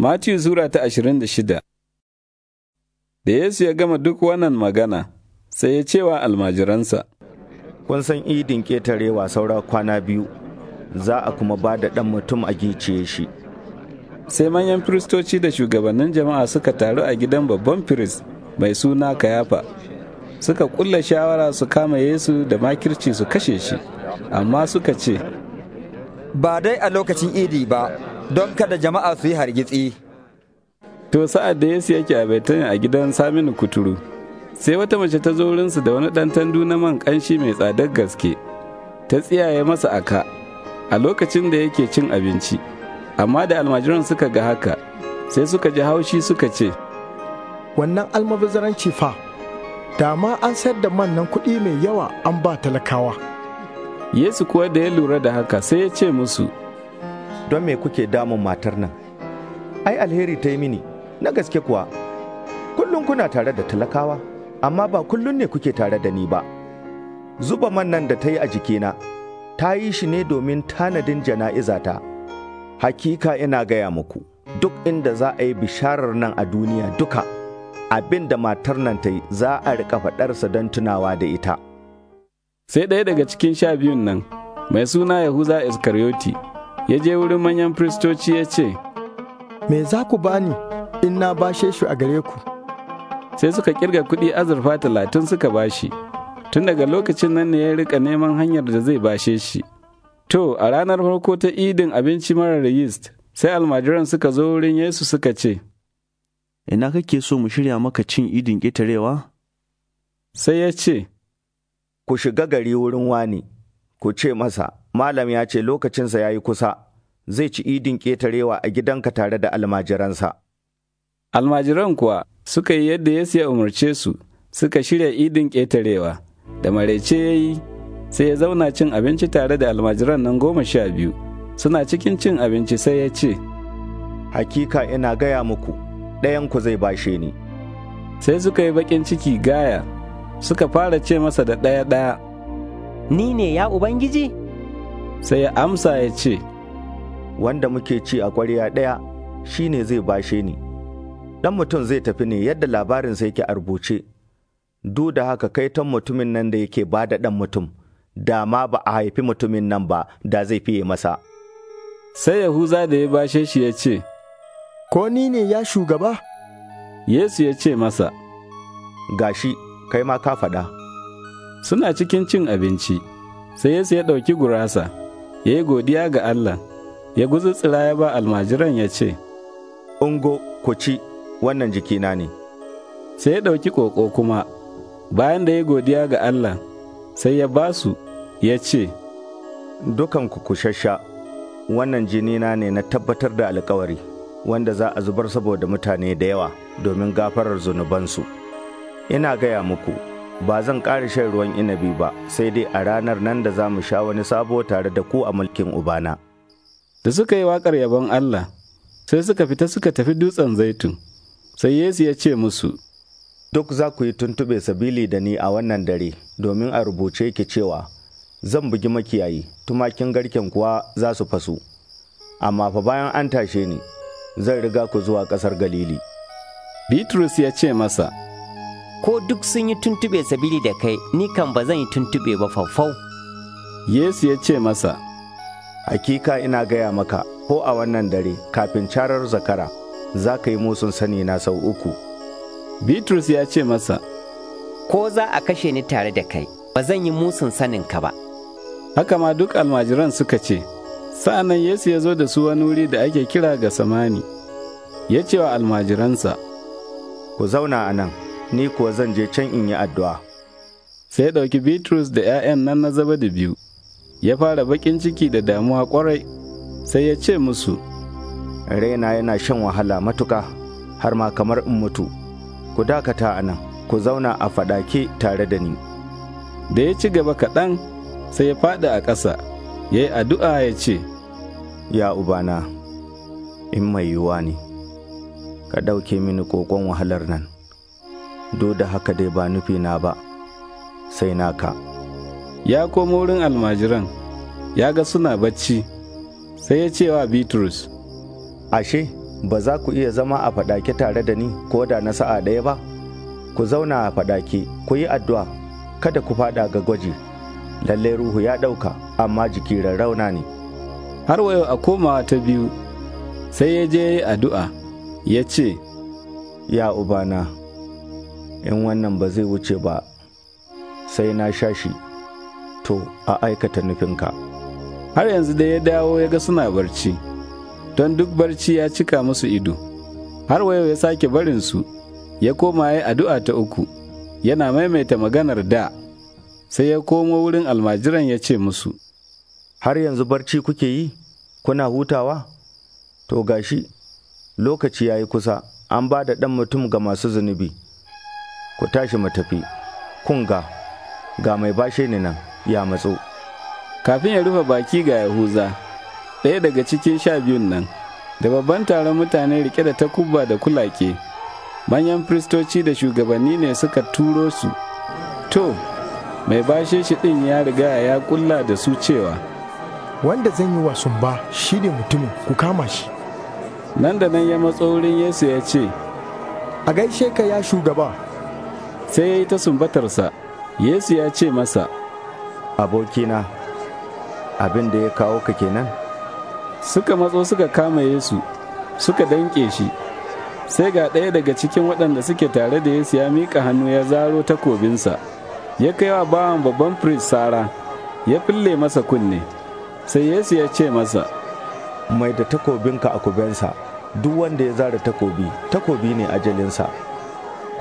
Matiyu Sura ta ashirin da shida Da Yesu ya gama duk wannan magana, sai ya ce wa almajiransa, Kun san idin ƙetarewa saura kwana biyu, za a kuma ba da ɗan mutum a giciye shi. Sai manyan firistoci da shugabannin jama'a suka taru a gidan babban firist mai suna Kayafa, suka ƙulla shawara su kama Yesu da makirci su kashe shi, amma suka ce, Ba dai a lokacin idi ba. don kada jama'a su yi hargitsi. To sa'ad da Yesu yake a Betani a gidan Saminu Kuturu, sai wata mace ta zo wurinsu da wani ɗan tandu na man ƙanshi mai tsadar gaske, ta tsiyaye masa aka a lokacin da yake cin abinci. Amma da almajiran suka ga haka, sai suka ji haushi suka ce, Wannan almabazaranci fa, da ma an sayar da man nan kuɗi mai yawa an ba talakawa. Yesu kuwa da ya lura da haka sai ya ce musu, don me kuke damun matar nan ai alheri ta yi mini na gaske kuwa kullum kuna tare da talakawa amma ba kullum ne kuke tare da ni ba zuba man nan da ta yi a jikina ta yi shi ne domin tanadin jana'iza ta. hakika ina gaya muku duk inda za a yi bisharar nan a duniya duka abin da matar nan ta yi za a riƙa faɗarsa don tunawa da ita sai ɗaya daga cikin sha biyun nan mai suna yahuza iskariyoti ya je wurin manyan firistoci ya ce, Me za ku bani in na bashe shi a gare ku? Sai suka kirga kuɗi azurfa talatin suka bashi, tun daga lokacin nan ne ya rika neman hanyar da zai bashe shi. To, a ranar farko ta idin abinci marar yeast, sai almajiran suka zo wurin Yesu suka ce, Ina kake so mu shirya maka cin idin ƙetarewa? Sai ya ce, Ku shiga gari wurin wani, ku ce masa, Malam ya ce lokacinsa ya yi kusa, zai ci idin ƙetarewa a gidanka tare da almajiransa. Almajiran kuwa suka yi yadda Yesu ya umarce su, suka shirya idin ƙetarewa, da marece ya yi, sai ya zauna cin abinci tare da almajiran nan goma sha biyu. Suna cikin cin abinci sai ya ce, Hakika ina gaya muku, ɗayanku zai bashe ni. Sai suka yi baƙin ciki gaya, suka fara ce masa da ɗaya-ɗaya. Ni ne ya Ubangiji? sai ya amsa ya ce, Wanda muke ci a ƙwarya ɗaya shi ne zai bashe ni, ɗan mutum zai tafi ne yadda labarinsa yake a rubuce, duk da haka kai ton mutumin nan da yake ba da ɗan mutum, da ma ba a haifi mutumin nan ba da zai fiye masa. Sai Yahuza da ya bashe shi ya ce, Ko ni ne ya shugaba? Yesu ya ce masa, Gashi, kai ma ka faɗa. Suna cikin cin abinci, sai Yesu ya ɗauki gurasa. ya yi godiya ga Allah, ya guzu tsira ya ba almajiran ya ce, Ungo ku ci wannan jikina ne. Sai ya ɗauki ƙoƙo kuma, bayan da ya godiya ga Allah, sai ya ba su ya ce, Dukanku ku shasha, wannan jinina ne na tabbatar da alkawari, wanda za a zubar saboda mutane da yawa domin gafarar zunubansu. Ina gaya muku. ba zan ƙara shan ruwan inabi ba sai dai a ranar nan da za mu sha wani sabo tare da ku a mulkin ubana. Da suka yi waƙar yabon Allah, sai suka fita suka tafi dutsen zaitun, sai Yesu ya ce musu, Duk za ku yi tuntuɓe sabili da ni a wannan dare, domin a rubuce ki cewa, Zan bugi makiyayi, tumakin garken kuwa za su fasu, amma fa bayan an tashe ni, zan riga ku zuwa ƙasar Galili. Bitrus ya ce masa, ko duk sun yi tuntuɓe sabili da kai ni kan ba zan yi tuntube ba faufau. Yesu ya ce masa, Hakika ina gaya maka ko a wannan dare kafin carar zakara za ka yi musun sani na sau uku. Bitrus ya ce masa, Ko za a kashe ni tare da kai, ba zan yi musun sanin ka ba. Haka ma duk almajiran suka ce, Sa'an nan Yesu ya zo da su wani wuri da ake kira ga samani, ya ce wa almajiransa, Ku zauna a nan. ni kuwa zan je can in yi addu'a. Sai ɗauki Bitrus da ‘ya'yan nan na zaba da biyu, ya fara baƙin ciki da damuwa ƙwarai, sai ya ce musu, Raina yana shan wahala matuka, har ma kamar in mutu, ku dakata a nan, ku zauna a faɗake tare da ni. Da ya ci gaba kaɗan, sai ya faɗi a ƙasa, ya yi addu'a ya ce, Ya Ubana, in mai yiwuwa ne, ka ɗauke mini ƙoƙon wahalar nan. Duk da haka dai ba nufi na ba sai naka ya komo wurin almajiran ya ga suna bacci sai ya ce wa bitrus ashe ba za ku iya zama a faɗake tare da ni ko da na sa'a ɗaya ba ku zauna a faɗake ku yi addu'a kada ku faɗa ga gwaji lalle ruhu ya ɗauka amma jiki rarrauna ne har wa yau a komawa ta biyu sai ya je addu'a ya ce ya ubana in wannan ba zai wuce ba sai na sha shi to a aikata nufinka har yanzu da ya dawo ya ga suna barci don duk barci ya cika musu ido har wayo ya sake barinsu ya koma ya addu'a ta uku yana maimaita maganar da sai ya komo wurin almajiran ya ce musu har yanzu barci kuke yi kuna hutawa to gashi lokaci ya yi kusa an ba da ɗan mutum ga masu zunubi ku tashi mu tafi kunga ga mai bashe ni nan ya matso kafin ya rufe baki ga yahuza ɗaya daga cikin sha biyun nan da babban taron mutane rike da takuba da kulake manyan firistoci da shugabanni ne suka turo su to mai bashe shi ɗin ya riga ya kulla da su cewa wanda zan yi wa sumba shi ne mutumin ku kama shi nan da nan ya matso wurin yesu ya ce a gaishe ka ya shugaba sai ya yi ta sumbatarsa yesu ya ce masa abokina abin da ya kawo ka kenan suka matso suka kama yesu suka danke shi sai ga ɗaya daga cikin waɗanda suke tare da yesu ya mika hannu ya zaro takobinsa ya kai wa bawan babban firist sara ya fille masa kunne sai yesu ya ce masa mai da takobinka a kubensa duk wanda ya zara takobi takobi ne ajalinsa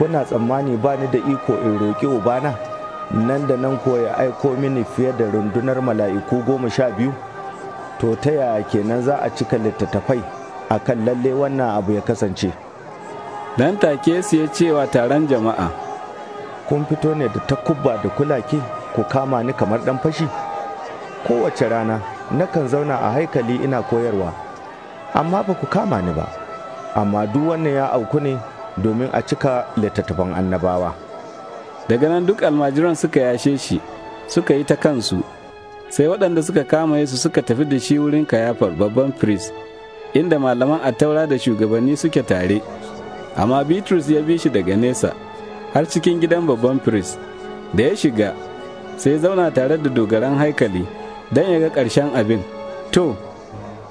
kuna tsammani ba ni da iko in roƙi ubana nan da nan ko ya aiko mini fiye da rundunar mala'iku goma sha biyu to ta yaya kenan za a cika littattafai a kan lalle wannan abu ya kasance dan take su ya cewa taron jama'a kun fito ne da takubba da kulake ku kama ni kamar dan fashi kowace rana nakan zauna a haikali ina koyarwa amma ba ku kama ni ba amma duk wannan ya auku ne domin a cika littattafan annabawa daga nan duk almajiran suka yashe shi suka yi ta kansu sai waɗanda suka kama yesu suka tafi da shi wurin kayafar babban firist inda malaman attaura da shugabanni suke tare amma bitrus ya bi shi daga nesa har cikin gidan babban firist da ya shiga sai zauna tare da dogaran haikali don ya ga ƙarshen abin to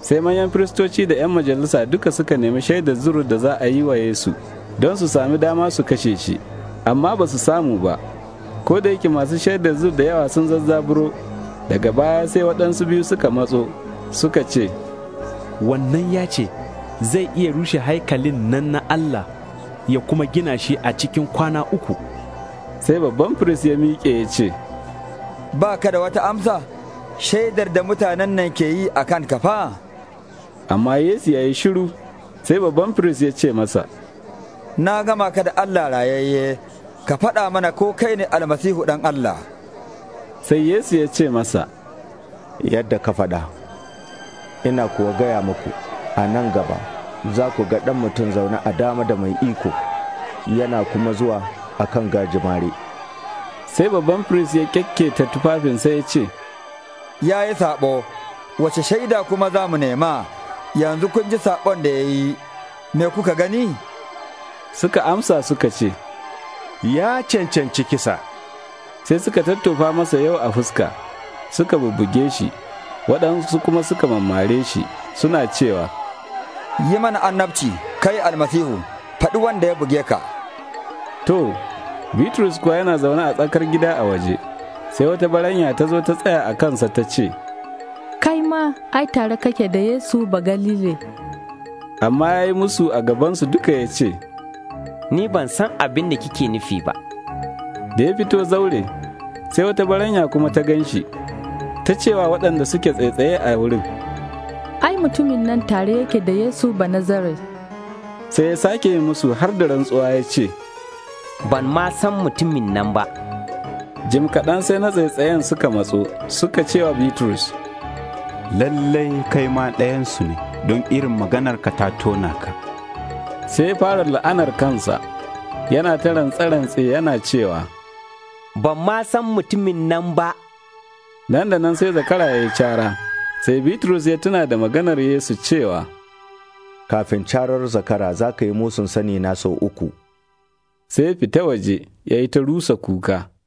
sai manyan firistoci da 'yan majalisa duka suka nemi shaidar zuru da za a yi wa yesu don su sami dama su kashe shi amma ba su samu ba ko da yake masu shaidar zub da yawa sun zazzaburo daga baya sai waɗansu biyu suka matso suka ce wannan ya ce zai iya rushe haikalin nan na Allah ya kuma gina shi a cikin kwana uku sai babban firist ya miƙe ya ce ba ka da wata amsa shaidar da mutanen nan ke yi a kan kafa amma yesu ya yi shiru sai babban firist ya ce masa na gama ka da Allah rayayye ka faɗa mana ko kai ne almasihu ɗan Allah sai Yesu ya ce masa yadda ka faɗa ina kuwa gaya muku a nan gaba za ku ga ɗan mutum zaune a dama da mai iko yana kuma zuwa a kan gajimare sai babban firist ya kyakketa tufafinsa ya ce ya yi saɓo wace shaida kuma za mu nema yanzu kun ji saɓon da ya yi me kuka gani suka amsa suka ce, Ya cancanci kisa, sai suka tattofa masa yau a fuska, suka bubbuge shi, waɗansu kuma suka mammare shi suna cewa, Yi mana annabci, kai almasihu, faɗi wanda ya buge ka. To, Bitrus kuwa yana zaune a tsakar gida a waje, sai wata baranya ta zo ta tsaya a kansa ta ce, Kai ma, ai tare kake da Yesu ba Galile. Amma ya yi musu a gabansu duka ya ce, ni ban san abin da kike nufi ba. Da ya fito zaure, sai wata baranya kuma ta gan shi, ta cewa waɗanda suke tsaitsaye a wurin. Ai mutumin nan tare yake da Yesu ba nazare. Sai ya sake musu har da rantsuwa ya ce, Ban ma san mutumin nan ba. Jim kaɗan sai na tsaitsayen suka matso, suka cewa Bitrus. Lallai kai ma ɗayansu ne, don irin maganar ka ta tona ka. sai fara la'anar kansa yana ta rantse-rantse yana cewa ban ma san mutumin nan ba nan da nan sai zakara ya yi cara sai bitrus ya tuna da maganar yesu cewa kafin carar zakara za ka yi musun sani na sau uku sai fita waje ya yi ta rusa kuka